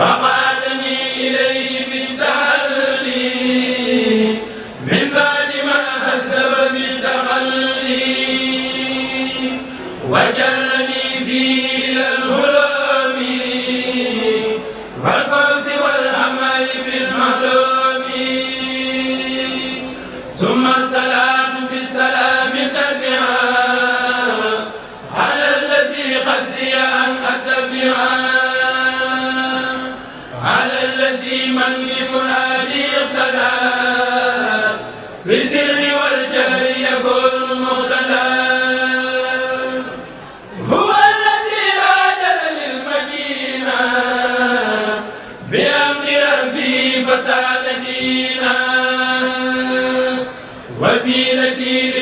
ba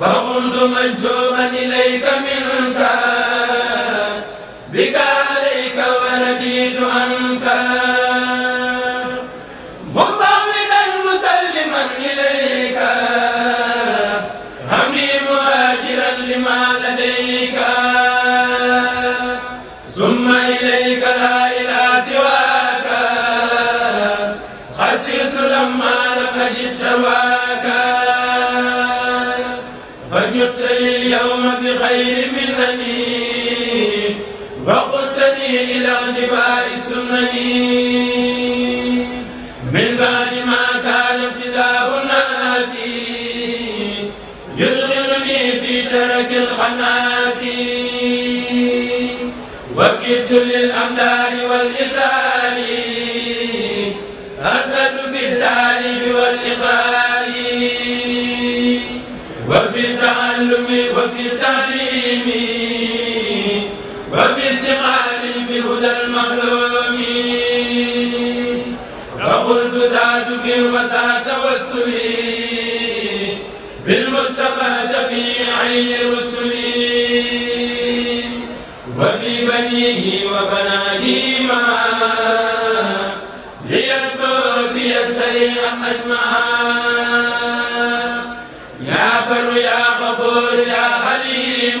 فقلت مجذوبا إليك منك بك ثم إليك لا إله سواك خسرت لما لم أجد شواك فجئت لليوم بخير منني وقدتني إلى انتفاع السنن من بعد ما كان ابتداء الناس يشغلني في شرك القناة وكدت للأمدار والإذلال أسد في التعليم والإقرار وفي التعلم وفي التعليم وفي استقال بهدى المعلوم فقلت ذا شكر وذا توسل بالمصطفى شفيع الرسل وببنيه وبنادي معا ليكفي السريع أجمعا يا بر يا غفور يا حليم